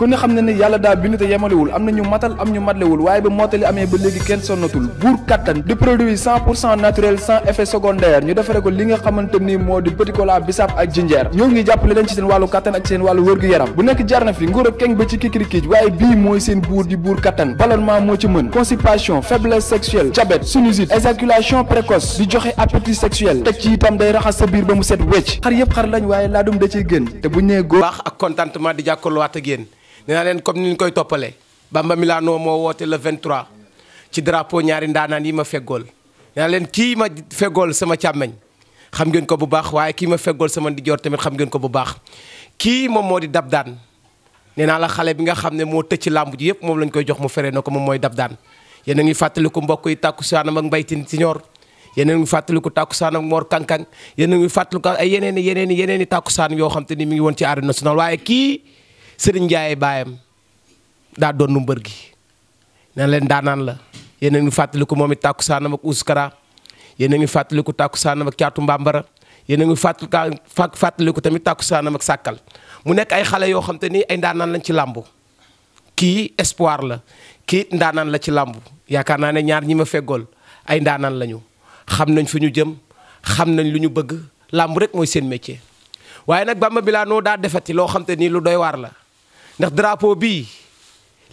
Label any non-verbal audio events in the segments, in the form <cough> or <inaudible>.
ku ne xam na ne yàlla daa bind te yemalewul am na ñu matal am ñu matlewul waaye ba mottali amee ba léegi kenn sonnatul buur kattan di produit cent pour cent naturel sans effet secondaire ñu defare ko li nga xamante ni moo di petit cola bisaab ak jinjeer ñoo ngi jàppale leen ci seen wàllu kattan ak seen wàllu wërgu yaram bu nekk jarna fi nguur ak keng ba ci kikirikiij waaye bii mooy seen buur di buur kattan ballonnement moo ci mën constipation faiblesse sexuelle joxe appétit sexuel teg ci itam day raxas sa biir ba mu set wecc yëpp xar lañ waaye laa dum da ciy gën te bu ñu nee di jàkkaarloo waat nee leen comme ni ñu koy toppalee Bamba Milano moo woote le 23 ci drapeau ñaari ndaanaan yi ma fegool nee leen kii ma fegool sama càmmeñ xam ngeen ko bu baax waaye kii ma fegool sama ndijoor tamit xam ngeen ko bu baax kii moom moo di dab daan nee naa la xale bi nga xam ne moo tëcc làmb ji yëpp moom lañ koy jox mu feree na ko moom mooy dab daan yéen a ngi fàttaliku mbokk yi tàkku saanam ak mbaytin si ñor yéen a ngi fàttaliku tàkkusaan ak Mor Kankang yéen a ngi fàttaliku ay yeneen i yeneen i yeneen i yoo xam te ni ngi woon ci arène nationale waaye kii sëriñ Ndiaye baayam daa doon nu mbër gi nee leen daanaan la yéen a ngi fàttaliku moom it tàkkusaanam ak Ouskara yéen a ngi fàttaliku tàkkusaanam ak caatu Mbambara yéen a ngi fàttaliku fàttaliku tamit saanam ak Sàkkal mu nekk ay xale yoo xam te ni ay ndaanaan lañ ci làmbu kii espoir la kii ndaanaan la ci làmbu yaakaar naa ne ñaar ñi ma feggool ay ndaanaan lañu xam nañ fu ñu jëm xam nañ lu ñu bëgg làmb rek mooy seen métier waaye nag Bamba Milano daa defati loo xam te ni lu doy waar la ndax drapeau bii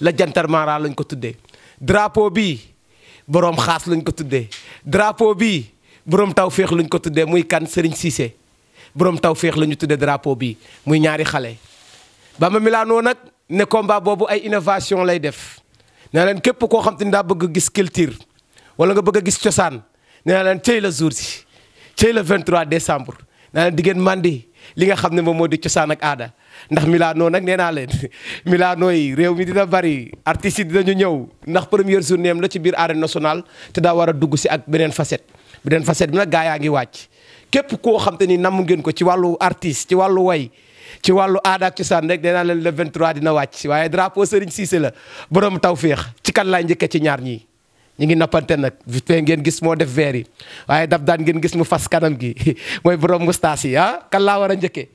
la jantarmara lañ ko tuddee drapo bii boroom xaas lañ ko tuddee drapo bii boroom taw féex lañ ko tuddee muy kan Serigne Cissé boroom taw féex la ñu tuddee drapeau bii muy ñaari xale. ma Milano nag ne combat boobu ay innovation lay def nee leen képp koo xam te ni daa bëgg gis culture wala nga bëgg a gis cosaan nee na leen cey la jour si cey la 23 décembre nee leen di ngeen mandi li nga xam ne moom moo di cosaan ak aada. ndax Milano nag nee naa leen <laughs> Milano yi réew mi dina bari artistes yi dinañu ñëw ndax première su neem la ci biir arène nationale te daa war a dugg si ak beneen facette beneen facette bi nag gaa yaa ngi wàcc képp koo xam te ni namm ngeen ko ci wàllu artiste ci wàllu way ci wàllu aada ak cosaan rek nee naa leen le 23 dina wàcc waaye drapeau Serigne Cissé la borom tawféex ci kan laay njëkke ci ñaar ñi ñu ngi nappante nag vite ngeen gis moo def verre yi waaye daf daan ngeen gis mu fas kanam gi <laughs> mooy borom moustache yi ah kan laa war a njëkkee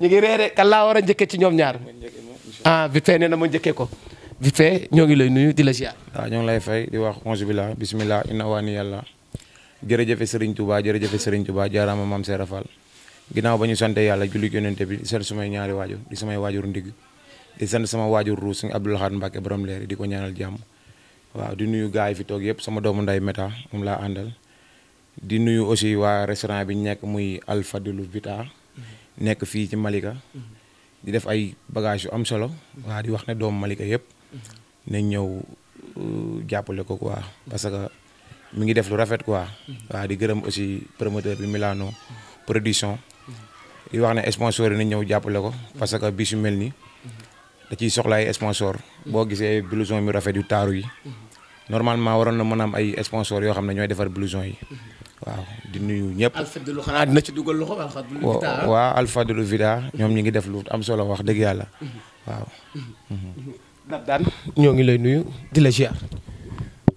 ñu ngi reere kan laa war a njëkkee ci ñoom ñaar ah vite fait nee na ma njëkkee ko vite fait ñoo ngi lay nuyu di la ziar. waaw ñoo ngi lay fay di wax onze billah bismillah inna waani yàlla jërëjëfe Serigne Touba jërëjëfe Serigne Touba jaaraama maam Seera Fall ginnaaw ba ñu sante yàlla julli bi di sant sumay samay waajur ndig di sant sama waajur ruu suñu Abdoul Ahad leer di ko ñaanal jàmm waaw di nuyu gars yi fi toog yëpp sama doomu nday méta moom laa àndal di nuyu aussi waa restaurant bi ñu nekk muy Alfadilu Vita nekk fii ci Malika. di def ay bagages yu am solo. waa di wax ne doom Malika yëpp. nañ ñëw euh, jàppale ko quoi parce que mi ngi def lu rafet quoi. waa di gërëm aussi promoteur bi Milano production. di wax ne sponsor yi nañ ñëw jàppale ko. parce que bis yu mel nii. da ciy soxla ay sponsor boo gisee blouson yu rafet yu taaru yi. normalement waroon na mën ay sponsor yoo xam ne ñooy defar blouson yi. waaw di nuyu ñëpp. alfadulu xanaa dina ci dugal loxo waa alfadulu vida ñoom ñi ngi def lu am solo wax dëgg yàlla mm-hmm. waaw. Mm-hmm. ñoo ngi lay nuyu di la ziar.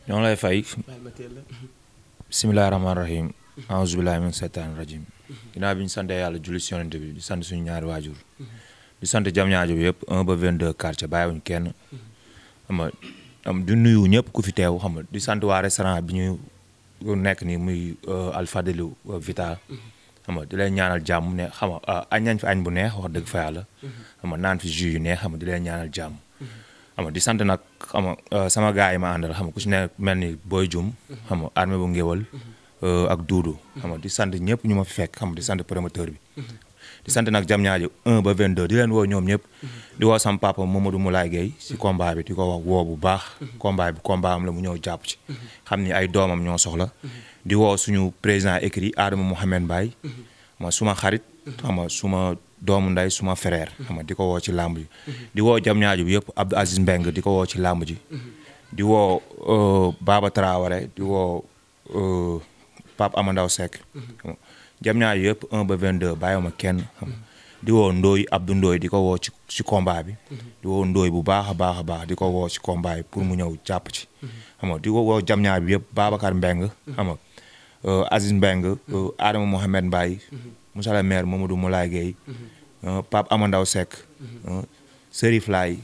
ñoo ngi lay fay. bisimilah rahmaani rahim. aouzu billahi min seytaani rajim. ginnaaw bi ñu sant yàlla julli si yonent bi di sant suñu ñaari waajur. Mm-hmm. di sant jam ñaajo bi yëpp 1 ba 22 de bàyyiwuñ kenn. xam kenn am di nuyu ñëpp ku fi teew xam nga di sant waa restaurant bi ñuy lu nekk nii muy euh, Alfadelu euh, Vita. xam nga di leen ñaanal jàmm ne xam nga euh, añ nañ fi añ bu neex wax dëgg fa xam nga naan fi jus yu neex xam nga di leen ñaanal jàmm. xam di sant nag xam sama gars yi ma àndal xam nga ku si ne mel ni Boy Jum. xam nga armée bu ngéwal. ak Duudu. xam di sant ñëpp ñu ma fi fekk xam di sant promoteur bi. di sant nag jam ñaajo 1 ba 22 di leen woo ñoom ñëpp di woo sam papa Mamadou Moulay Gueye si combat bi di ko wax woo bu baax combat bi combat la mu ñëw jàpp ci xam ni ay doomam ñoo soxla di woo suñu président écrit Adama Mohamed Mbaye ma suma xarit xam suma doomu nday suma frère xam di ko woo ci làmb ji di woo jam ñaajo bi yëpp Abdou Aziz Mbeng di ko woo ci làmb ji di woo euh, Baba Traoré di woo euh, Pape Amandaw Seck jam ñaar yëpp 1 ba 22 bàyyiwuma kenn xam di woo ndooy Abdou Ndoye di ko woo ci ci combat bi. di woo Ndoye bu baax a baax a baax di ko woo ci combat bi pour mu ñëw jàpp ci. xam nga di ko woo jam ñaar bi yëpp Babacar Mbengue. xam nga euh, Aziz Mbengue. Euh, Adama Mohamed Mbaye. le maire Mamadou Moulay Guèye. Euh, Pape Amandaw Seck. Serif Laay.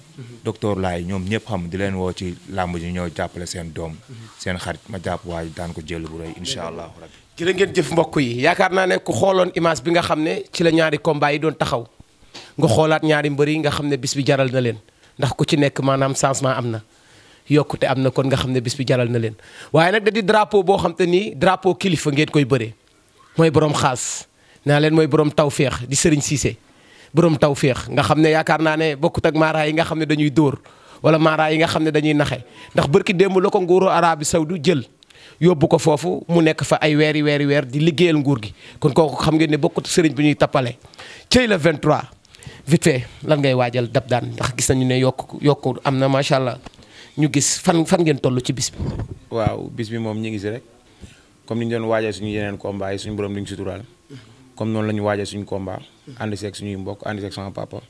docteur Laay ñoom ñëpp xam di leen woo ci làmb ji ñëw jàppale seen doom. seen xarit ma jàpp waaye daan ko jël bu rëy incha allahu rabbi jërë ngeen jëf mbokk yi yaakaar naa ne ku xooloon image bi nga xam ne ci la ñaari combat yi doon taxaw nga xoolaat ñaari mbër yi nga xam ne bis bi jaral na leen ndax ku ci nekk maanaam changement am na yokkute am na kon nga xam ne bis bi jaral na leen waaye nag da di drapo boo xam te ni drapo kilifa ngeen koy bëree mooy borom xaas naa leen mooy borom tawféex di Serigne Cissé borom tawféex nga xam ne yaakaar naa ne bokkut ak maara yi nga xam ne dañuy dóor wala maara yi nga xam ne dañuy naxe ndax bërki démb la ko nguuru Arabie Saoudi jël yóbbu ko foofu mu nekk fa ay weeri weeri weer di liggéeyal nguur gi kon kooku xam ngeen ne bokkut sëriñ bu ñuy tappale cey la 23 vite fait lan ngay waajal dab daan ndax gis nañu ne yokk yokk am na macha allah ñu gis fan fan ngeen toll ci bis bi. waaw bis bi moom ñu ngi si rek comme ni ñu doon waajal suñu yeneen combat yi suñu borom duñ suturaal comme noonu la ñu waajal suñu combat ànd seeg suñuy mbokk ànd seeg sama papa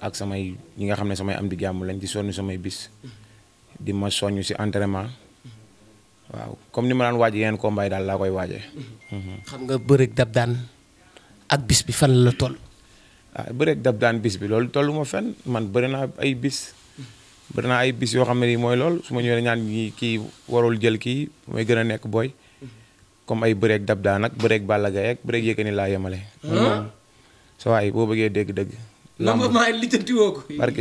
ak samay ñi nga xam ne samay am di jàmm lañ di sonn samay bis di ma soññ si entraînement. waaw comme ni ma daan waaj yeneen combat daal laa koy waajee. Mhm. xam nga bëreeg dab daan ak bis bi fan la toll. ah bëreeg dab daan bis bi loolu tollu ma fenn man bëri naa ay bis. bëri naa ay bis yoo xam ne nii mooy lool su ma ñëwee ñaan ñi kii warul jël kii mooy gën a nekk booy. comme ay bëreeg dab daan ak bëreeg Balla Gaye ak bëreeg Yékini laa yemale. Ah? sa waay boo bëggee dégg-dégg. lamb maa lijjanti woo ko. barki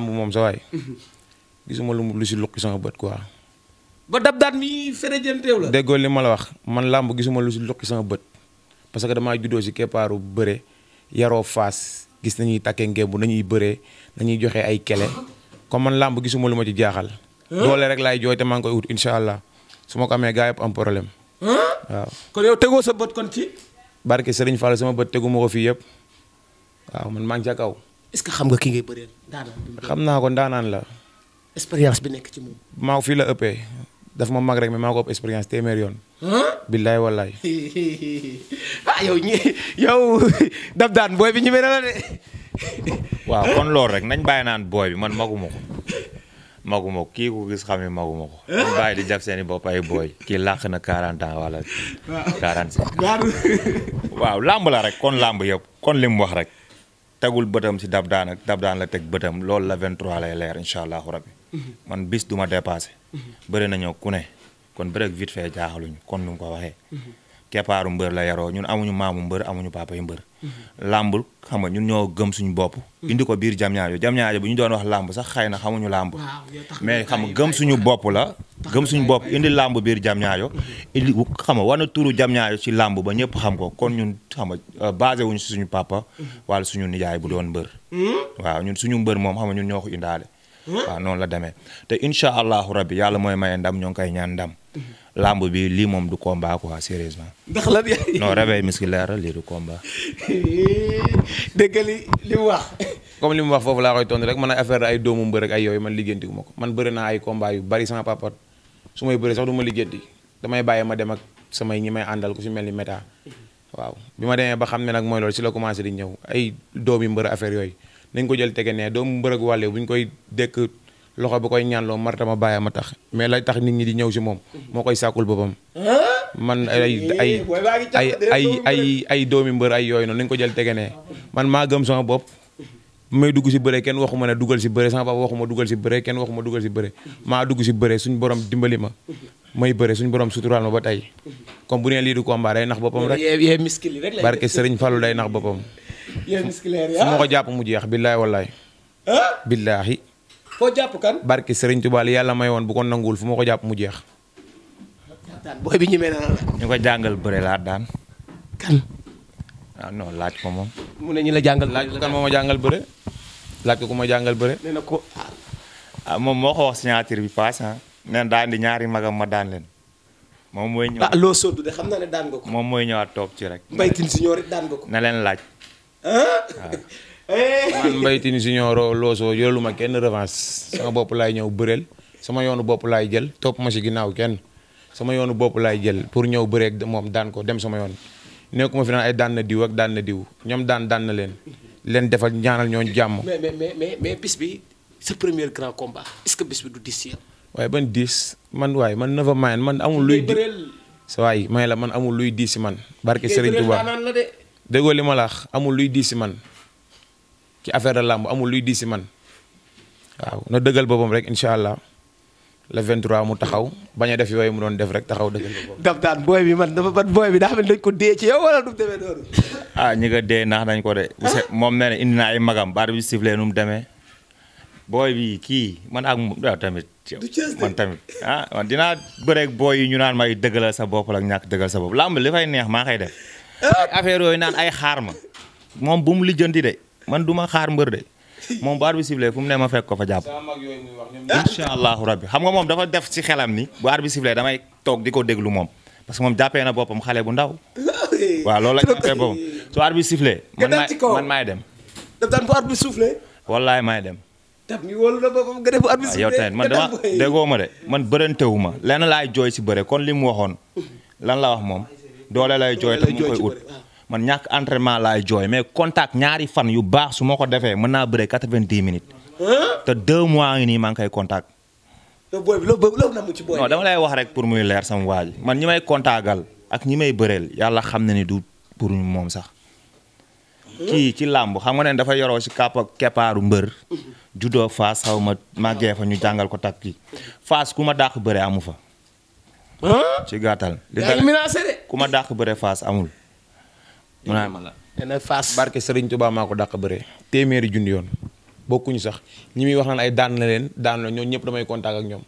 moom sa waay. Mhm. gisuma lu lu si lukki sama bët quoi. ba dab daat mi fërëjënteew la. déggoo li ma la wax man làmb gisuma lu si lukki sama bët parce que damaa juddoo si keppaaru bëre yaroo faas gis nañuy takkee ngemb nañuy bëree nañuy joxe ay kele comme man làmb gisuma lu ma ci jaaxal. doole rek laay jooy te maa koy ut incha allah su ma ko amee gaa yëpp am problème. waaw kon yow sa bët kon ci. barke Serigne Fall sama bët tegu ma fii yëpp waaw man maa ngi ca kaw. est-ce que xam nga ki ngay bëreel. xam naa ko daanaan la. expérience bi nekk ci moom. maa fii la ëppee. daf ma mag rek mais maa ko ëpp expérience téeméer yoon. billaay wallaay. <laughs> ah <laughs> dab daan booy bi ñu mel ne la de. <laughs> waaw kon loolu rek nañ bàyyi naan booy bi man maguma ko maguma ko kii ku gis xam ne maguma ko. nañ bàyyi di jàpp seen i bopp ay booy. kii làq na 40 ans wala 45 ans. waaw làmb la rek kon làmb yëpp kon li mu wax rek. tegul bëtam si dab daan dab daan la teg bëtam loolu la 23 lay leer incha allahu rabbi mhm. man bis duma dépassé. bëri nañoo ku ne kon bëri ak vite fait kon nu mu ko waxee. keppaaru mbër la yaroo ñun amuñu maamu mbër amuñu papa yu mbër. làmb xam nga ñun ñoo gëm suñu bopp. indi ko biir jamñaajo jamñaajo bu ñu doon wax làmb sax xëy na xamuñu làmbul mais xam nga gëm suñu bopp la. gëm suñu bopp indi làmb biir jamñaajo. indi xam nga war na turu jamñaajo ci làmb ba ñëpp xam ko kon ñun xam nga euh, basé si suñu papa. wala suñu nijaay bu doon mbër. Hmm? waaw ñun suñu mbër moom xam nga ñun ñoo ko indaale. waaw ah, noonu la demee te incha allahu rabbi yàlla mooy maye ndam ñoo ngi koy ñaan ndam. lamb bi lii moom du combat quoi sérieusement. ndax la yaay non Réveil Miski Leral lii du combat. <laughs> li mu wax. comme li mu wax foofu laa koy tontu rek man affaire ay doomu mbër ak ay yooyu man liggéenti gu ma ko man bëri naa ay combat yu bari sama papa su may bëri sax du ma liggéenti damay bàyyi ma dem ak sama ñi may àndal ku si mel ni méta waaw bi ma demee ba xam ne nag mooy loolu si la commencé di ñëw ay doomi mbër affaire yooyu. nañ ko jël tege nee doomu mbërëg wàlle bu ñu koy dekk loxo ba koy ñaanloo martama bàyyi a tax mais lay tax nit ñi di ñëw si moom moo koy sàkkul boppam man ay ay ay ay ay ay doomi mbër ay yooyu noonu nañ ko jël tege ne man maa gëm sama bopp may dugg si bëre kenn waxuma ne dugal si bëre sama papa waxuma dugal si bëre kenn waxuma dugal si bëre maa dugg si bëre suñ borom dimbali ma may bëre suñ borom suturaal ma ba tey comme bu nee lii du combat day nax boppam rek barke Sëriñ Fallu day nax boppam <laughs> yéen ma ko jàpp mu jeex billaay wallaay. ah billaahi. foo jàpp kan. barki Sëriñ Tuubaa li yàlla may woon bu ko nanguwul fu ma ko jàpp mu jeex. booy ñu ko jàngal bëre laa daan. kan. Ah, laaj ko moom. mu ñu la jàngal laaj jàngal bëre. laaj ko ma jàngal bëre. ko ah, moom moo ko wax bi paas ah. ñaari magam ma daan leen. moom mooy ñëw ah, xam naa ne moom mooy ñëwaat toog ci rek. mbaytin si ñoor it na leen laaj. man Mbaye Tine Junior loosoo yoralu ma kenn revanche sama bopp laay ñëw bëreel sama yoonu bopp laay jël topp ma si ginnaaw kenn sama yoonu bopp laay jël pour ñëw bëreeg moom daan ko dem sama yoon nekkuma fi naan ay daan na diw ak daan na diw ñoom daan daan na leen leen defal ñaanal ñooñu jàmm. mais mais bis bi sa premier grand combat est que bis bi du diis si yow. waaye ban diis man waaye man never mind man amul luy. di sa la man amul luy diis si man. barke Serigne baax déggoo li ma laax amul luy di man ci affaire de làmb amul luy di si man waaw na dëggal boppam rek incha allah le 23 mu taxaw bañ def yooyu mu doon def rek taxaw dëggal boppam. dab daan booy bi man dafa ban booy bi daa xam ne dañ ko dee ci yow wala ah, ñi ko dee naax nañ ko de. Ah. moom na indi naa ay magam baat bi siflee nu mu booy bi kii man ak moom tamit. man tamit ah man dinaa bëreeg booy yi ñu naan may dëggalal sa bopp la ak ñàkk dëggal sa bopp làmb li fay neex maa koy def. affaire yooyu naan ay xaar ma moom bu mu lijjanti de man du ma xaar mbër de moom bu arbitre sifflé fu mu ne ma fekk ko fa jàpp. incha allahu rabbi xam nga moom dafa def si xelam ni bu arbitre sifflé damay toog di ko déglu moom parce que moom jàppee na boppam xale bu ndaw. waaw loolu la jàppee boppam su arbitre sifflé. man maay man maay dem. daf daan bu arbitre sifflé. wallaay maay dem. daf ñu wóolu la ah, man dama déggoo ma de man bërëntewu ma lenn laay jooy ci bëre kon li mu waxoon lan la wax moom. doole lay jooy man ñàkk entraînement lay jooy mais contact ñaari fan yu baax su ma ko defee mën naa bëree quatre-vingt-dix minutes. te deux mois ngi nii maa ngi koy contact. non dama lay wax rek pour muy leer sama waa man ñi may contactal ak ñi may bëreel yàlla xam ne ni du pour moom sax. kii ci làmb xam nga ne dafa yoroo si kàpp ak keppaaru mbër. Mhm. juddoo Fass xaw ma màggee fa ñu jàngal ko takk kii Fass ku ma dàq bëre amu fa. ci gàttal. li dal ku ma dàq bëre Fass amul. mu naan la. nee na Fass barke Serigne Touba maa ko dàq bëre. téeméeri junni yoon bokkuñu sax ñi muy wax naan ay daan na leen daan la ñoom ñëpp damay contact ak ñoom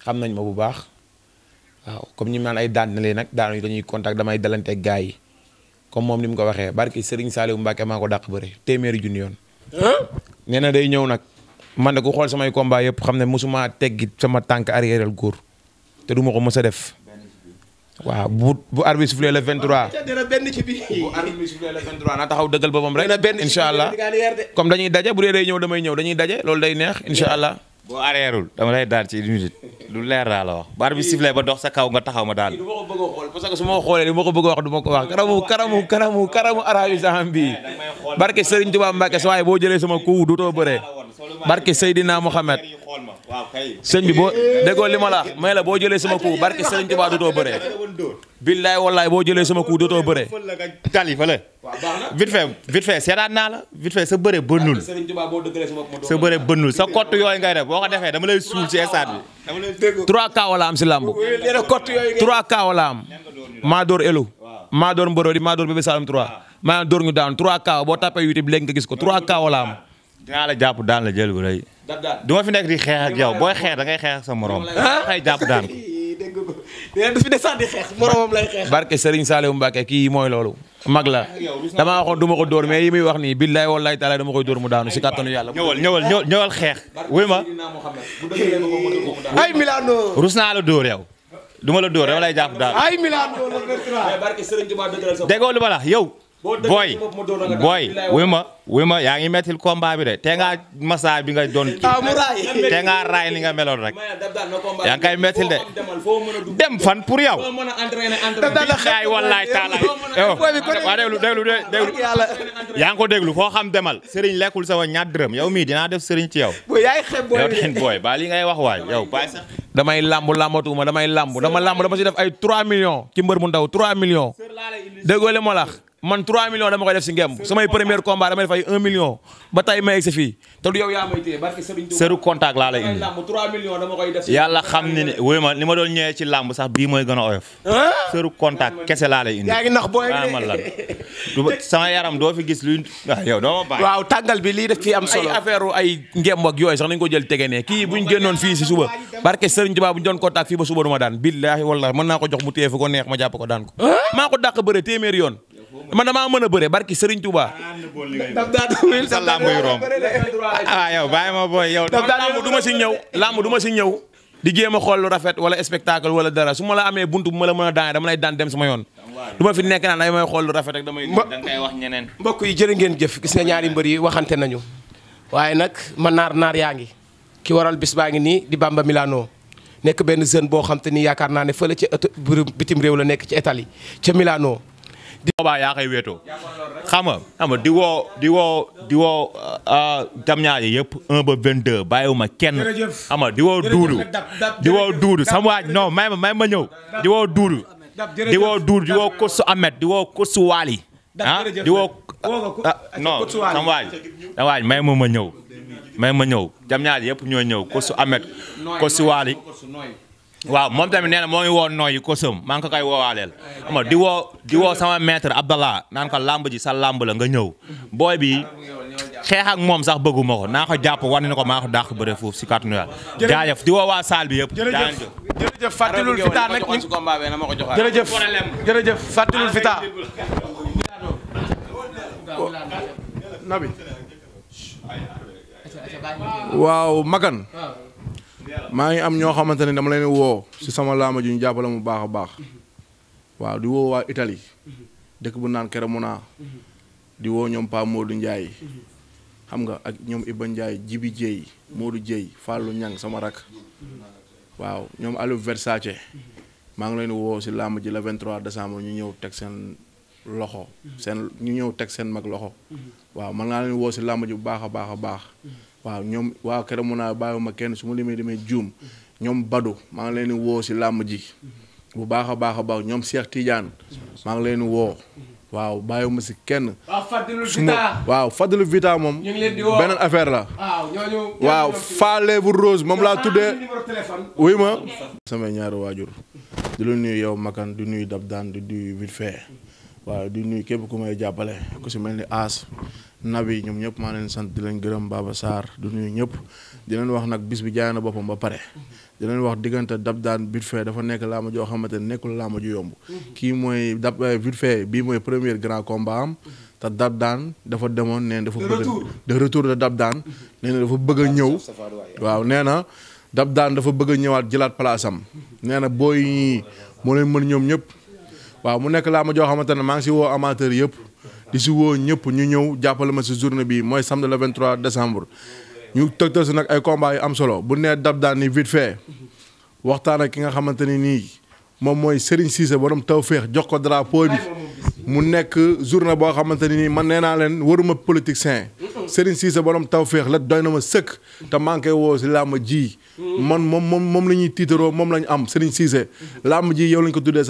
xam nañ ma bu baax comme ñi mu ay daan na nag daan dañuy contact damay dalante ak gars yi comme moom ni mu ko waxee barke Serigne Saliou Mbacke maa ko dàq bëre téeméeri junni yoon. nee day ñëw nag man de ku xool samay combat yëpp xam ne mosuma teggi sama tànk arrière góor. te du ma ko mës a def. waaw bu bu arbitre soufflé le 23. benn naa bi bu arbitre soufflé le na taxaw dëggal boppam rek. incha allah comme dañuy daje bu dee day ñëw damay ñëw dañuy daje loolu day neex incha allah. boo areerul dama daal ci une minute lu leer daal la wax bu arbitre sifflé ba dox sa kaw nga taxaw ma daal. du ma ko su ma xoolee du ma ko bëgg a wax du ma ko wax karamu karamu karamu karamu sa yi sax am bii barke Serigne Touba Mbacke sa boo jëlee sama du dootoo bëree. barke Seydina Mohamed sëñ bi boo déggoo li ma la wax may la boo jëlee sama coup barke Sëriñ Tuubaa dootoo bëree. billaay wallaay boo jëlee sama coup dootoo bëree. tali fële. vite fait vite fait naa la vite fait sa bëree bënnul. sa sa kott yooyu ngay def boo ko defee dama lay suul ci stade bi. trois kaw la am si làmb. trois kaw la am. maa dóor elu. maa dóor mboro di maa dóor bébé Saloum 3. maa dóor ñu daan trois kaw boo tapee YouTube léegi nga gis ko trois dinaa la jàpp daan la jël bu rëy. du ma fi nekk di xeex ak yow booy xeex da ngay xeex ak sa morom. ah xëy jàpp daan <laughs> ko. dégg ko du fi kii mooy loolu. mag la damaa waxoon du ko door mais yi muy wax nii billaay wallaay taala dama koy dóor mu daanu si kàttanu yàlla. ñëwal ñëwal ñëwal xeex. wuy ma ay Milano. rus naa la dóor yow. du la dóor dama lay jàpp daan ay Milano. déggoo yow booy booy wuy ma wuy ma yaa ngi mettil combat bi de te ngaa massa bi nga doon kii ah, raay li nga meloon rek yaa ngi koy mettil de dem fan pour yaw billaay wallaay taalaay waa déglu déglu yaa ngi ko déglu foo xam demal sëriñ lekkul sama ñaar dërëm yow mii dinaa def sëriñ ci yow yow ten booy ba li ngay wax waay yow ba damay lamb làmbatuma damay lamb dama lamb dama si def ay 3 millions ci mbër mu ndaw 3 millions déggoo li ma lax man 3 millions dama koy def si ngemb samay premier combat dama def ay 1 ba tay ma egg si fii te du yow yaa may téye barke Serigne yàlla xam ni ne wéy ma ma doon ñëwee ci làmb sax bii mooy gën a oyof kese laa lay indi yaa nax booy man lan sama yaram doo fi gis luy waaw yow doo ma bàyyi bi lii def fii am solo ay affaire ay ngemb ak yooyu sax nañ ko jël tege ne kii buñ génnoon fii si suba barke Serigne Touba buñ doon contact fii ba suba du daan billaahi wallaahi mën naa ko jox mu téye fu ko neex ma jàpp ko daan ko maa ko dàq bëre téeméer yoon man damaa mën a bëre barki Serigne Touba. daf daa doon sa làmb yu romb ah yow bàyyi ma booy yow. daf daa làmb du ma si ñëw làmb duma ma si ñëw. di jéem a xool lu rafet wala spectacle wala dara su ma la amee bunt bu ma la mën a daan dama lay daan dem sama yoon. du ma fi nekk naan damay xool lu rafet ak damay. da wax ñeneen. mbokk yi jërë ngeen jëf gis nga ñaari mbër yi waxante nañu. waaye nag ma naar naar yaa ngi. ki waral bis baa ngi nii di Bamba Milano nekk benn jeune boo xam te ni yaakaar naa ne fële ca bitim réew la nekk ci Italie ca Milano di boobaa yaa koy wéetoo xam nga di woo di woo di woo ah, ah, jamñaaje yëpp un ba vingt-deux bàyyiwuma kenn xam nga di woo duudu di woo duudu sama waaj non may ma may ma ñëw di ah, woo duudu di woo duudu di woo kosu Ahmed di woo kosu Waali ah di waaj may ma ma ñëw may ma ñëw jamñaaje yëpp ñoo ñëw kosu Ahmed kosu Waali waaw moom tamit nee na moo ngi woo nooyi ko sëm maa ngi ko koy woowaaleel sama maître Abdallah naan ko làmb ji sa làmb la nga ñëw booy bi moom sax bëgguma ko naa jàpp war na ko maa ko dàq bëre foofu si kàttanu Yàlla jaajëf di woo waa salle bi yëpp jaajëf jërëjëf fàttalul fitaa nag jërëjëf jërëjëf waaw magan maa ngi am ñoo xamante ne dama leen woo si sama laama ji ñu jàppale mu baax a baax waaw di woo waa Italie dëkk bu naan kere munaa di woo ñoom Pa Modou njaay xam nga ak ñoom Iba Ndiaye Jibi jéy Modou Dieye fàllu Niang sama rak waaw ñoom Aliou Versace maa ngi leen woo si làmb ji le 23 décembre ñu ñëw teg seen loxo seen ñu ñëw teg seen mag loxo waaw man ngaa leen woo si làmb bu baax a baax a baax waaw ñoom waa keroog mun naa bàyyiwuma kenn su ma limee demee juum ñoom Badou maa ngi leen di woo si làmb ji bu baax a baax a baax ñoom Cheikh Tidiane maa ngi leen di woo waaw bàyyiwuma si kenn. waaw waaw Fadilou Vita moom. beneen affaire la. waaw ñooñu. bu Rose moom laa tuddee. wuy ma. sama ñaari waajur. di lu nuyu yow Makan di nuyu Dab Daan di nuyu vite waaw di nuyu képp ku may jàppale ku si mel ni As. nabi ñoom ñëpp maa leen sant di leen gërëm Baba Sarr du nuyu ñëpp di leen wax nag bis bi jaay na boppam ba pare di leen wax diggante dab daan vite dafa nekk laama joo xamante ne nekkul laama ju yomb kii mooy dab eh, bii mooy premier grand combat te dab daan dafa demoon nee dafa bëgg de retour dab daan nee bëgg ñëw waaw nee na dab daan dafa bëgg a ñëwaat jëlaat place am nee na booy ñii moo leen mën ñoom ñëpp waaw mu nekk laama joo xamante ne maa ngi si woo amateur yëpp di si woo ñëpp ñu ñëw jàppale ma si journée bi mooy samedi le 23 décembre ñu tëgtal si nag ay combat yu am solo bu nee dab daan ni vite fait waxtaan ak ki nga xamante ni nii moom mooy Serigne Cissé borom tawféex jox ko drapeau bi mu nekk journée boo xamante ni nii man nee naa leen waruma politicien Serigne Cissé borom tawféex la doy na ma sëkk te manqué woo si làmb ji man moom moom moom la ñuy tiitaroo moom la ñu am Serigne Cissé làmb ji yow lañ ko tuddee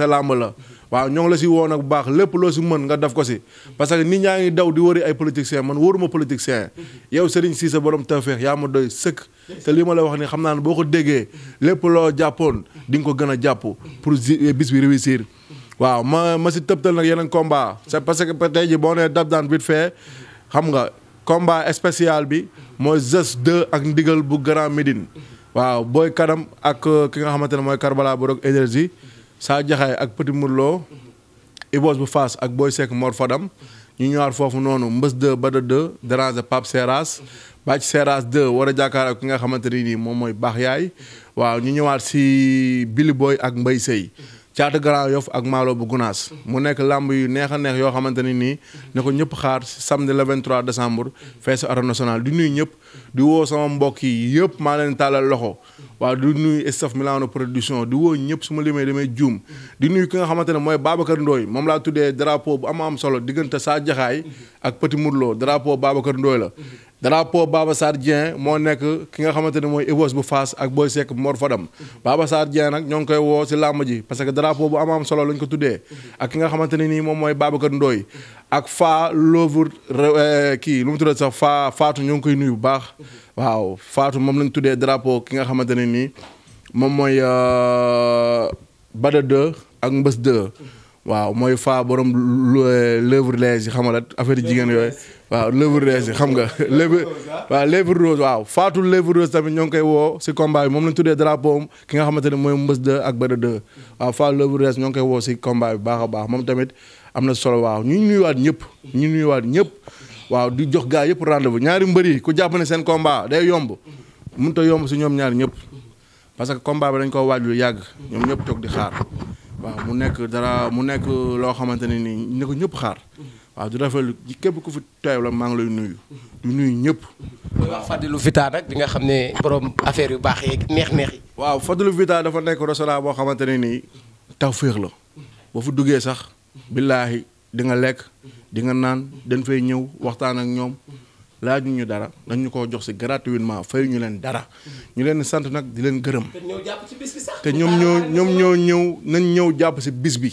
waaw ñoo ngi la si woo nag bu baax lépp loo si mën nga def ko si parce que nit ñaa ngi daw di wëri ay politiciens man wóoruma politicien yow Serigne Cissé borom tawfeex yaa ma doy sëkk te li ma la wax ni xam naa ne boo ko déggee lépp loo jàppoon di nga ko gën a jàpp pour eh, bis bi réussir waaw ma ma si tëbtal nag yeneen combat c'est parce que tey ji boo nee dab daan vite fait xam nga combat spécial bi mooy Zeus 2 ak ndigal bu Grand Médine waaw booy kanam ak euh, ki nga xamante ne mooy Karbala Borok énergie saa jaxaay ak Petit Modou Lo mhm. Ibos bu Faas ak Boy Seck Mor Fadam mhm. ñu ñëwaat foofu noonu mbës 2 bada 2 déranger Pape Seras mhm. bàcc Seras 2 war a jàkkaar ak ki nga xamante ni nii moom mooy baax yaay waaw ñu ñëwaat si Billy Boy ak Mbaye Seye caatu Grand Yoff ak maalo bu Gunaas mu nekk làmb yu neex neex yoo xamante ne nii ne ko ñëpp xaar samedi le 23 décembre fee sa arène di nuy ñëpp di woo sama mbokk yi yëpp maa leen tàllal loxo waa di nuy staff Milano production di woo ñëpp su ma limee damay juum di nuyu ki nga xamante ne mooy Babacar Ndoye moom laa tuddee drapeau bu am am solo diggante saa Jaxaay ak Petit Mourlo drapeau Babacar Ndoye la drapeau Baba Sarr Dieng moo nekk ki nga xamante ne mooy Evos bu Fass ak Boy Seck Mor Fadam Baba Sarr Dieng nag ñoo ngi koy woo si làmb ji parce que drapeau bu amaam solo lañ ko tuddee ak ki nga xamante ne nii moom mooy Babacar Ndoye ak Faa Lovre eh, kii lu mu tuddee sax Faa Faatu ñoo ngi koy nuyu baax waaw Faatu moom lañ tuddee drapeau ki nga xamante ne nii moom mooy euh, Bada ak Mbës 2 waaw mooy fa borom lèvre lees yi xam nga affaire jigéen yooyu waaw lèvre lees yi xam nga lèvre ah. waaw lèvre waaw faatu lèvre rose tamit ñoo ngi koy woo si combat bi moom lañ tuddee drapeau am xamante ne mooy mbës ak bëre de waaw faatu lèvre ngi koy woo si combat baax a baax moom tamit am na solo waaw ñu nuyuwaat ñëpp ñu nuyuwaat ñëpp waaw di jox gaa yëpp rendez-vous ñaari mbër yi ku jàpp seen combat day yomb mënut a yomb si ñoom ñaar ñëpp parce que combat bi dañ koo waaj lu yàgg ñoom ñëpp toog di xaar waaw mu nekk dara mu nekk loo xamante ne nii ne ko ñëpp xaar. waaw di rafetlu képp ku fi teew la maa ngi lay nuyu. du nuyu ñëpp. waaw wax Fadilou Vita nag di nga xam ne borom affaire yu baax yeeg neex-neex yi. waaw Fadilou Vita dafa nekk restaurant boo xamante ne nii tawféex la. boo fa duggee sax. billaahi dinga lekk. dinga naan dañ fay ñëw waxtaan ak ñoom. laaj ñu dara dañ ñu koo jox si gratuitement fay ñu leen dara. ñu leen sant nag di leen gërëm. te ñoo te ñoom ñoo ñoom ñoo ñëw nañ ñëw jàpp si bis bi.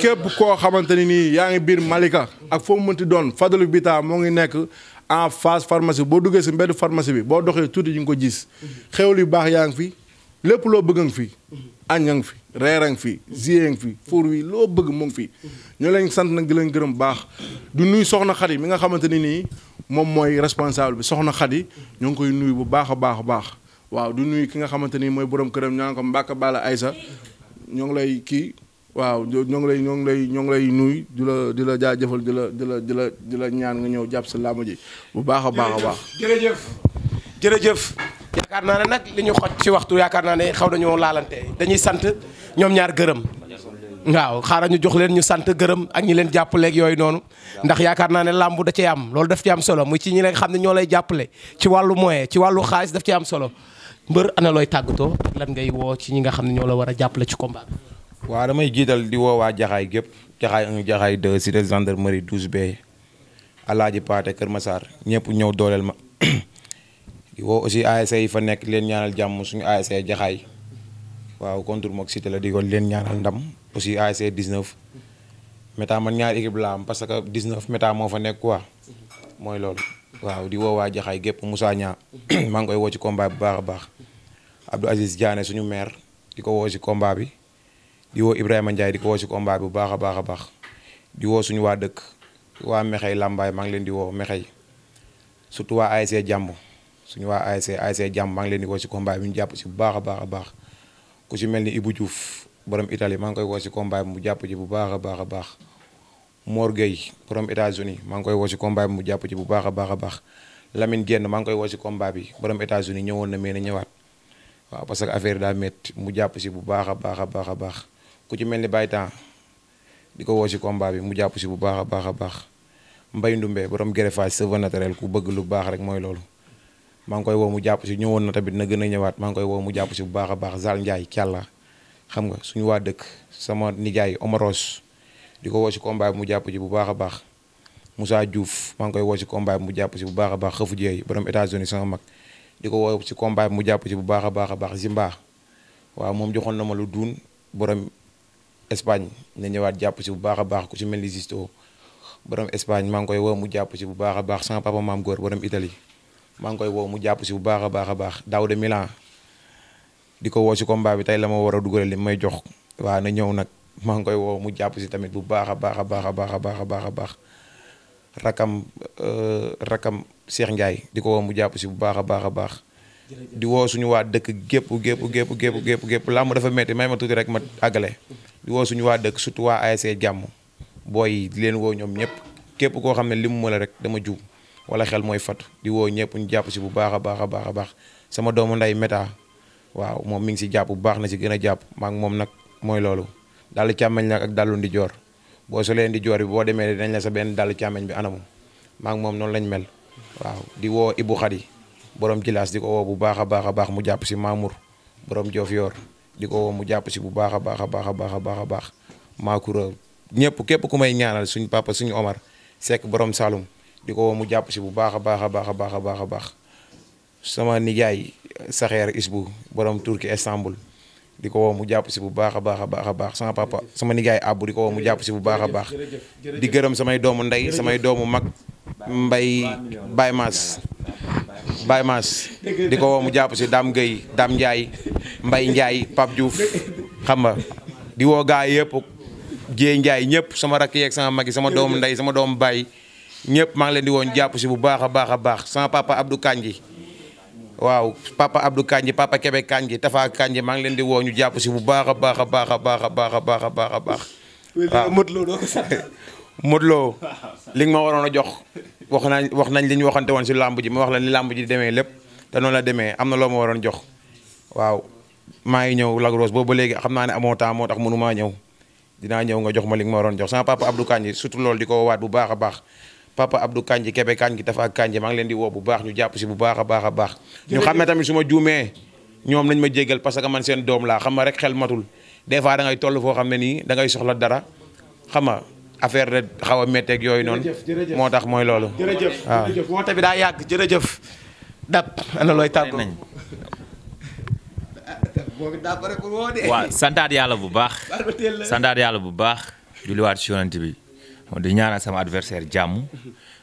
képp koo xamante ne nii yaa ngi biir Malika. ak foo mënti doon Fadlu Bita moo ngi nekk. en face pharmacie boo duggee si mbedd pharmacie bi boo doxee tuuti ñu ngi ko gis xewlu yu baax yaa ngi fi lépp loo bëgg a ngi fi. añ ngi fi reer a ngi fi ziye ngi fi fuur wi loo bëgg mu fi. ñoo leen sant nag di leen gërëm baax du nuy nga xamante ni moom mooy responsable bi soxna Xadi ñoo ngi koy nuyu bu baax a baax a baax waaw du nuyu ki nga xamante ni mooy borom këram ñoo ngi ko Mbacke Balla Aïssa ngi lay kii waaw ñoo ngi lay ñoo lay ñoo ngi lay nuyu di la di la jaajëfal di la di la di la di la ñaan nga ñëw jàpp si làmb ji bu baax a baax a baax. jërëjëf jërëjëf. yaakaar naa ne nag li ñu xoj ci waxtu yaakaar naa ne xaw nañoo laalante dañuy sant ñoom ñaar gërëm. waaw xaaral ñu jox leen ñu sant gërëm ak ñi leen jàppaleeg yooyu noonu ndax yaakaar naa ne làmb da cee am loolu daf ci am solo muy ci ñi leen xam ne ñoo lay jàppale ci wàllu moyen ci wàllu xaalis daf ci am solo mbër ana looy tàggatoo lan ngay woo ci ñi nga xam ne ñoo la war a jàppale ci combat bi waaw damay jiital di woo waa jaxaay gépp jaxaay 1 jaxaay 2 cité gendarmerie 12 b alaaji paate Kër Massar ñëpp ñëw dooleel ma <coughs> di woo aussi ASC yi fa nekk leen ñaanal jàmm suñu ASC jaxaay waaw contre mook Cité la di ko leen ñaanal ndam aussi ASC 19 méta man ñaar équipe la am parce que 19 méta moo fa nekk quoi mooy lool waaw di woo waa Jaxaay gépp Moussa Ñaa <clears throat> maa ngi koy woo ci combat bu baax a baax Abdou Aziz Diané suñu maire di ko woo ci combat bi di woo Ibrahima Ndiaye di ko woo ci combat bi bu baax a baax a baax di woo suñu waa dëkk waa Mexey Lambaay maa ngi leen di woo Mexey surtout waa ASC Jàmm suñu waa ASC ASC Jàmm maa ngi leen di woo ci combat bi ñu jàpp si bu baax a baax a baax ku ci mel ni Ibou Diouf borom Italie maa ngi koy woo si combat bi mu jàpp ci bu baax a baax a baax Mor Gueye borom États-Unis maa ngi koy woo si combat mu jàpp ci bu baax a baax a baax Lamine Dieng maa ngi koy woo si combat bi borom États-Unis ñëwoon na mais na ñëwaat waaw parce que affaire daa métti mu jàpp si bu baax a baax a baax a baax ku ci mel ni Baytan di ko woo si combat bi mu jàpp si bu baax a baax a baax Mbaye Ndumbe borom Gere Fass sa naturel ku bëgg lu baax rek mooy loolu. maa ngi koy woo mu jàpp si ñëwoon na tamit na gën a ñëwaat maa ngi koy woo mu jàpp si bu baax a baax Zal Ndiaye Kialla xam nga suñu waa dëkk sama nijaay Omaros di ko woo si combat mu jàpp si bu baax a baax Moussa Diouf maa ngi koy woo si combat mu jàpp si bu baax a baax xëfu jeey borom États-Unis sama mag ko woo si combat mu jàpp si bu baax baax a baax waaw moom joxoon na ma lu duun borom Espagne na ñëwaat jàpp si bu baax a baax ku si mel ni Zisto borom Espagne maa ngi koy woo mu jàpp si bu baax a baax sama papa maam góor borom Italie maa ngi koy woo mu jàpp si bu baax a baax a baax de Milan di ko woo si combat bi tey la ma war a dugalee li may jox waa na ñëw nag maa ngi koy woo mu jàpp si tamit bu baax a baax a baax a baax a baax a baax a baax rakam rakam Cheikh Ndiaye di ko woo mu jàpp si bu baax a baax a baax. di woo suñu waa dëkk gépp gépp gépp gépp gépp gépp làmb dafa metti may ma tuuti rek ma àggale di woo suñu waa dëkk surtout waa ASC jàmm booy di leen woo ñoom ñëpp képp koo xam ne li mu mën rek dama juum wala xel mooy fat di woo ñëpp ñu jàpp si bu baax a baax a baax a baax sama doomu nday méta waaw moom mi ngi si jàpp bu baax na si gën a jàpp maa moom nag mooy loolu dallu càmmeñ nag ak dallu ndi joor boo solee ndi joor bi boo demee dinañ la sa benn dallu càmmeñ bi anamu maa moom noonu lañ mel waaw di woo Ibou Khady borom jilaas di ko woo bu baax a baax a baax mu jàpp si Mamour borom joof yoor di ko woo mu jàpp si bu baax a baax a baax a baax a baax a baax maakura ñëpp képp ku may ñaanal suñu papa suñu Omar Seck borom Saloum di ko woo mu jàpp si bu baax a baax a baax a baax a baax a baax sama nijaay saxeer isbu borom turki Istanbul di ko woo mu jàpp si bu baax a baax a baax a baax sama papa sama nijaay àbbu di ko woo mu jàpp si bu baax a baax gërëm samay doomu ndey samay doomu mag mbay Baye Mass Baye di ko woo mu jàpp si Dame Gueye Dame Ndiaye mbay Ndiaye Pape Diouf xam nga di woo gaa yëpp Dieng njaay ñëpp sama rakk yeeg sama mag yi sama doomu ndey sama doomu baay ñëpp maa ngi leen di woon jàpp si bu baax a baax a baax sama papa Abdou Kanji waaw papa Abdou Kanji papa Kebe Kanji tafaa Kanji maa ngi leen di woo ñu jàpp si bu baax a baax a baax baax a baax a baax a baax a baax. waaw Modou li nga ma waroon a jox wax nañ wax nañ li ñu waxante woon si làmb ji ma wax la ni làmb ji demee lépp te la demee am na loo ma waroon jox waaw maa ngi ñëw Lac Rose boobu ba léegi xam naa ne amoo temps moo tax mënu maa ñëw dinaa ñëw nga jox ma li ma waroon jox sama papa Abdou surtout loolu di waat bu baax a baax papa Abdou Kanji Kébé Kanji Tafa Kanji maa ngi leen di woo bu baax ñu jàpp si bu baax a baax a baax. ñu xam ne tamit suma ma juumee ñoom nañ ma jéggal parce que man seen doom laa xam nga rek xel matul des fois da toll foo xam ne nii dangay soxla dara xam nga affaire rek xaw a métteeg yooyu noonu. moo tax mooy loolu. jërëjëf jërëjëf bi daa yàgg jërëjëf. dab ana looy tàggoo yàlla bu baax santaat yàlla bu baax julliwaat ci yonent bi di ñaanal sama adversaire jàmm.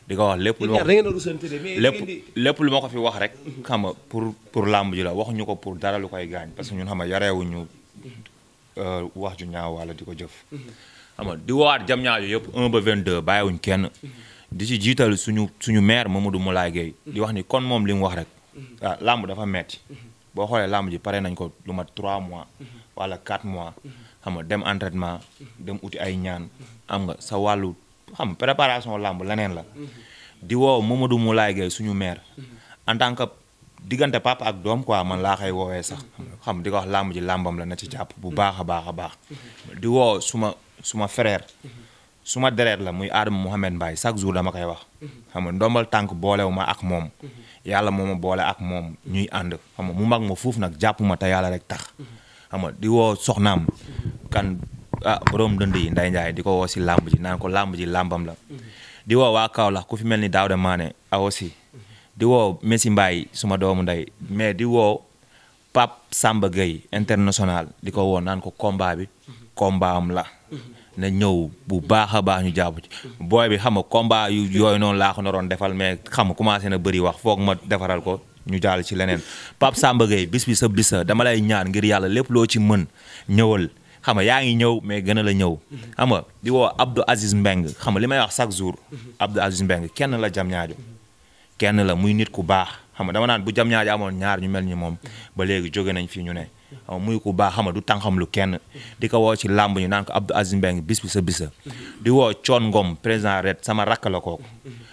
di ko wax lépp lu ma lépp lépp lu ma ko fi wax rek. xam nga pour pour làmb ji la waxuñu ko pour dara lu koy gaañ parce que ñun xam nga yareewuñu euh, wax ju ñaaw wala di ko jëf. xam nga di woowaat jam ñaajo yëpp 1 ba 22 bàyyiwuñ kenn. di ci jiital suñu suñu maire Mamadou Moulaye Gueye. di wax ni kon moom li mu wax rek. waaw ah, làmb dafa metti boo xoolee làmb ji pare nañ ko lu mat trois mois. walla 4 mois. xam nga dem entraînement dem uti ay ñaan am nga sa wàllu xam préparation làmb leneen la di woo Mamadou Moulay Gueye suñu maire en tant que diggante papa ak doom quoi man laa koy woowee sax xam di wax làmb ji làmbam la na ci jàpp bu baax a baax a baax di woo suma suma frère suma dereet la muy Adama Mohamed Mbaye chaque jour dama koy wax xam nga ndombal tànk boolewu ma ak moom yàlla moo ma boole ak moom ñuy ànd xam mu mag ma fuuf nag jàppuma ma te yàlla rek tax xam nga di woo soxnaam kan ah borom dënd yi Ndeye Ndiaye di ko woo si làmb ji naan ko làmb ji làmbam la di woo waa lax ku fi mel ni Daouda Mané aussi di woo Messi mbaay suma doomu ndey mais di woo Pape Samba Gueye international di ko woo naan ko combat bi combat la na ñëw bu baax a baax ñu jàpp ci booy bi xam nga combat yu yooyu noonu laa ko roon defal mais xam nga commencé na bari wax foog ma defaral ko ñu jàll ci leneen Pape Samba Gueye bis bi sa bis la dama lay ñaar ngir yàlla lépp loo ci mën ñëwal xam nga yaa ngi ñëw mais gën a la ñëw. ama di woo Abdou Aziz Mbeng xam nga li may wax chaque jour. Abdou Aziz Mbeng kenn la jam ñaajo kenn la muy nit ku baax xam nga dama naan bu jam ñaajo amoon ñaar ñu mel ni moom ba léegi jóge nañ fi ñu ne. muy ku baax xama du tànxam lu kenn di ko woo ci làmb ñu naan ko Abdou Aziz Mbengue bis bi sa bisa di woo coon Ngom président ret sama rakk la kooku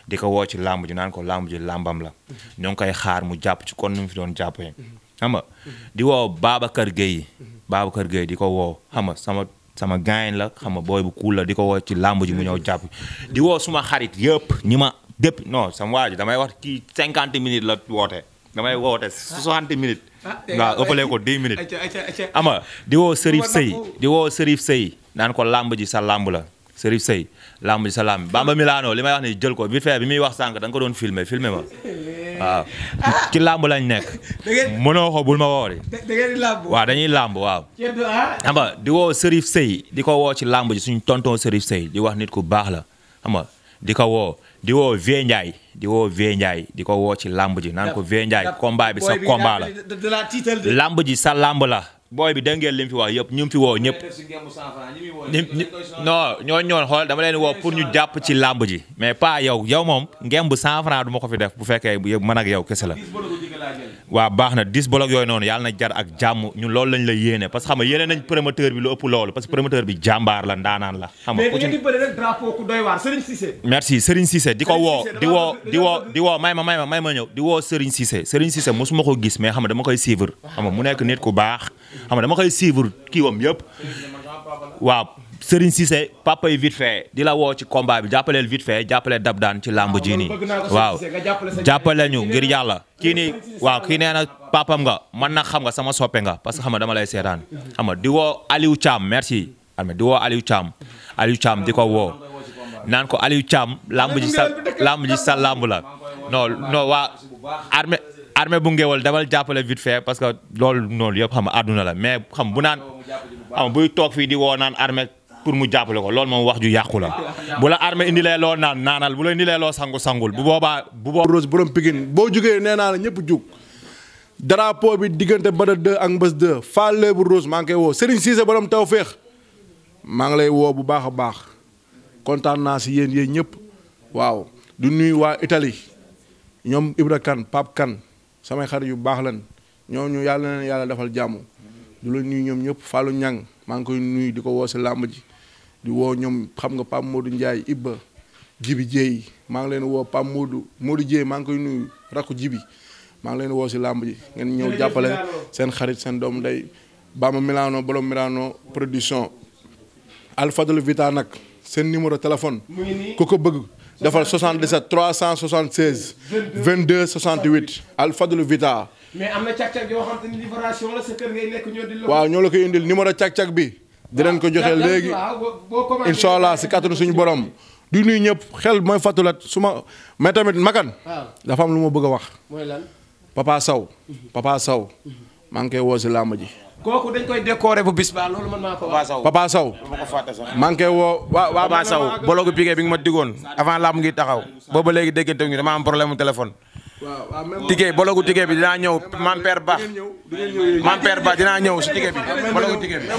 di ko woo ci làmb ji naan ko làmb ji làmbam la ñoo ngi koy xaar mu jàpp ci kon nu mu fi doon jàppee xam nga di woo Babacar Gueye Babacar Gueye di ko woo xam sama sama gaañ la xam nga booy di ko woo ci làmb ji mu ñëw jàpp di woo suma xarit yëpp ñi ma dépp non sama waa ji damay wax kii cinquante minutes la woote damay woote soixante minutes waaw ah, eh, eh, ëppalee ko 10 minutes ama di woo Serif Sey di woo Serif Sey naan ko làmb ji sa làmb la Serif Sey làmb ji sa làmb Bamba Milano li may wax ni jël ko vite bi muy wax sànq da nga ko doon filmer filmer ma <laughs> waaw ci làmb lañ nekk <laughs> mënoo ko bul ma woo de dañuy làmb waaw ah. ama di woo Serif Sey di ko woo ci làmb ji suñu tonton Serif Sey di wax nit ku baax la ama di ko woo di woo Vieux Ndiaye di ko woo ci làmb ji nang ko Vieux Ndiaye bi sa combat lamb ji sa lamb la booy bi dégg ngeen li mu fi wax yëpp ñu mu fi woo ñëpp non ñoo ñoon xool dama leen woo pour ñu jàpp ci làmb ji mais pas yow yow moom ngemb cent franc du ko fi def bu fekkee yëpp man ak yow kese la waa baax na dix bolog yooyu noonu yàlla na jar ak jàmm ñu lool lañ la yéene parce que xam nga yéene nañ promoteur bi lu ëpp loolu parce que promoteur bi jàmbaar la ndaanaan la xam nga ku ci merci Serigne Cissé di ko woo di woo di woo di woo may ma may ma may ma ñëw di woo Serigne Cissé Serigne Cissé mosuma ko gis mais xam nga dama koy suivre xam nga mu nekk nit ku baax xam nga dama koy suivre kii wam yëpp. waaw Serigne Cissé papa yi vite fait di la woo ci combat bi jàppaleel vite fait jàppale dab daan ci làmb ji nii waaw jàppale ñu ngir yàlla kii nii waaw kii nee na papam nga man na xam nga sama soppe nga parce que xam dama lay seetaan xam nga di woo Aliou Thiam merci am di woo Aliou Thiam Aliou Thiam di ko woo naan ko Aliou Thiam làmb ji sa làmb ji sa làmb la non non waa armée armée bu ngéwal dafal jàppale vite fait parce que loolu noonu yëpp xam nga àdduna la mais xam bu naan xam buy toog fii di woo naan armee pour mu jàppale ko loolu moom wax ju yàqu la bu la armée indi lay loo naan naanal bu la indi lay loo sangu sangul bu boobaa bu boobaa Rose borom Pikine boo jugee nee naa la ñëpp jug drapeau bi diggante Bada 2 ak Mbës 2 bu Rose maa ngi koy woo Serigne Cissé borom taw féex maa ngi lay woo bu baax a baax kontaan naa si yéen yéen ñëpp waaw du nuyu waa Italie ñoom Ibra samay xar yu baax lan ñu yàlla na yàlla defal jàmm du la nuyu ñoom ñëpp Fallou Niang maa ngi koy nuyu di ko woo si làmb ji di woo ñoom xam nga Pape Modou Ndiaye Ibba Jibi Dieye maa ngi leen woo Pape Modou Modou Dieye maa ngi koy nuyu rakku Jibi maa ngi leen woo si làmb ji ngeen ñëw jàppale seen xarit seen doomu day Bama Milano borom Milano production Alfadul Vita nag seen numéro téléphone ku ko bëgg defal 77 376. 22 68. Alfadlu Vita. mais am na càq-càq yoo xam te ni Libération la waaw ñoo la ko indil numéro càq-càq bi. dinañ ko ah, joxe léegi incha allah si kattanu suñu borom. du nuyu ñëpp xel mooy fàttulat su ma mais tamit makan ah. dafa am lu ma bëgg a wax. mooy lan. Papa saw mhm. Papa saw mhm. maa ngi koy woo si làmb ji. kooku dañ koy décorer bu bis ba loolu man maa ko woo waa waa Papa Sow bologu bi nga ma digoon avant làmb ngi taxaw booba léegi déggante ñu dama am problème mu téléphone. waaw même ticket bologu bi dinaa ñëw maam père Ba maam père ñëw si ticket bi bologu ticket bi.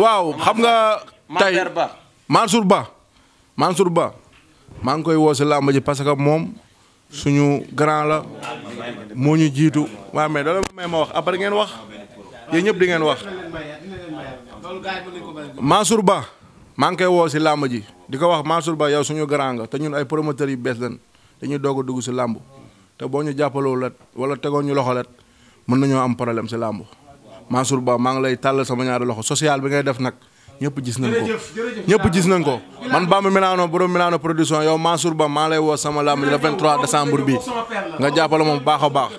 waaw xam nga. tey Mansour Ba Mansour Ba maa ngi koy woo si làmb ji parce que moom suñu grand la. moo ñu jiitu waaw mais doola may ma wax après ngeen wax yooyu ñëpp di ngeen wax Mansour Ba maa ngi koy woo si làmb ji di ko wax Mansour Ba yow suñu grand nga te ñun ay promoteurs yu bees lañ dañuy doog a dugg si làmb te boo ñu jàppaloo lat wala tegoo ñu loxo lat mën nañoo am problème si làmb Mansour Ba maa ngi lay tàll sama ñaari loxo social bi ngay def nag ñëpp gis nañ ko ñëpp gis nañ ko man Bamba Milano borom Milano production yow Mansour Ba maa lay woo sama lamb ji le 23 décembre bi nga jàppale moom baax a baax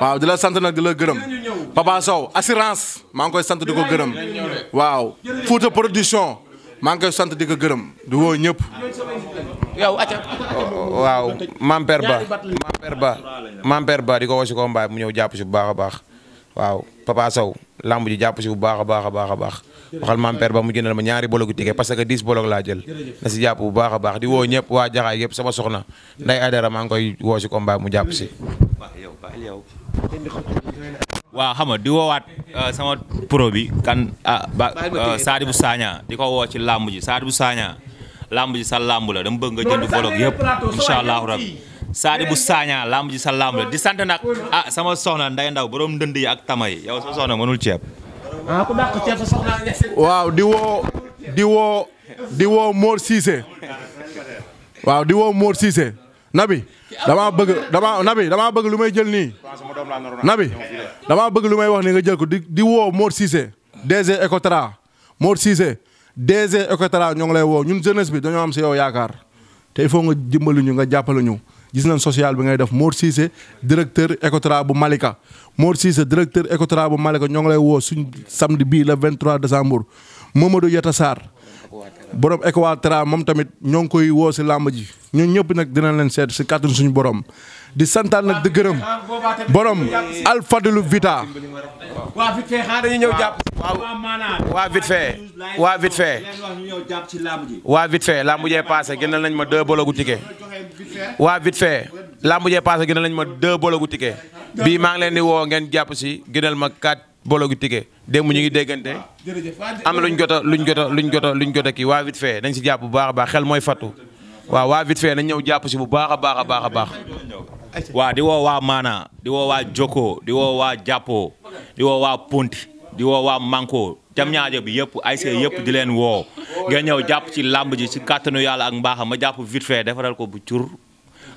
waaw di la sant nag di la gërëm Papa Sow assurance maa ngi koy sant di ko gërëm waaw Fouta production maa ngi koy sant di gërëm di woo ñëpp. yow acca waaw Mamper Ba Mamper Ba Mamper Ba di ko woo si combat mu ñëw jàpp si bu baax a baax waaw Papa Sow lamb ji jàpp si bu baax a baax a baax a baax. waxal maam ba mu jëndal ma ñaari bologu ticket parce que 10 bolog laa jël na si jàpp bu baax a baax di woo ñëpp waa jaxaay yëpp sama soxna nday adara maa ngi koy woo si combat mu jàpp si waaw xam nga di woowaat euh, sama pro bi kan ah, ba euh, Sadibou Sagna di ko woo ci làmb ji Sadibou Sagna làmb ji sa làmb la dama bëgg nga jënd bolog yëpp incha allahu rabbi Sadibou Sagna làmb ji sa làmb di sant nag ah sama soxna nday ndaw borom ndënd yi ak tama yi yow sa soxna mënul ceeb ah waaw di woo di woo di woo Mor Cissé waaw di woo Mor Cissé nabi damaa bëgg damaa nabi damaa bëgg may jël nii nabi damaa bëgg lu may wax ni nga jël ko di di woo Mor Cissé DG Ecotra Mor Cissé DG Ecotra ñoo ngi lay woo ñun jeunesse bi dañoo am si yow yaakaar te il faut nga dimbali ñu nga jàppale ñu gis nañ social bi ngay def Mor Cissé directeur Ecotra bu Malika Mor Cissé directeur Ecotra bu Malika ñoo ngi lay woo suñ samedi bii le 23 décembre Mamadou Yata Sarr borom Ecotra moom tamit ñoo ngi koy woo si làmb ji ñun ñëpp nag dina leen seet si kàttan suñu borom di santaal nag di gërëm borom Alfadilu Vita. waa vite fait waa vite fait waa vite waa vite fait làmb jee paase génnal nañ ma deux bologu ticket. waa vite fait laa mujjee passé gënal nañ ma bolo gu ticket bii maa ngi leen di woo ngeen jàpp si gënal ma quatre bologu ticket démb ñu ngi déggante am na luñ jot a luñ jot a luñ jot a luñ jot a kii waa vite fait nañ si jàpp bu baax a baax xel mooy fattu waaw waa vite fait nañ ñëw jàpp si bu baax a baax a baax a waa di woo waa maana di woo waa joko di woo waa jàppoo di woo waa di woo waa manko jam ñaajo bi yëpp ay see yëpp di leen woo nga ñëw jàpp ci làmb ji ci kàttanu yàlla ak mbaaxam ma jàpp vite fait ko bu cur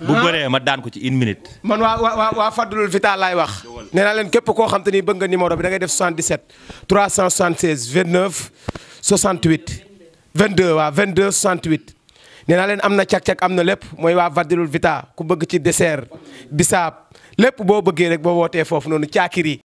bu ah. bëree ma daan ko ci une minute man waa waa waa Fadlul Vital laay wax nee naa leen képp koo xam te ni bëgg nga numéro bi dangay da ngay def 77 376 29 68 22 waa vingt 22 68 nee naa leen am na cak-cak am na lépp mooy waa Fadlul Vital ku bëgg ci dessert bisaab lépp boo bëggee rek boo wootee foofu noonu caakiri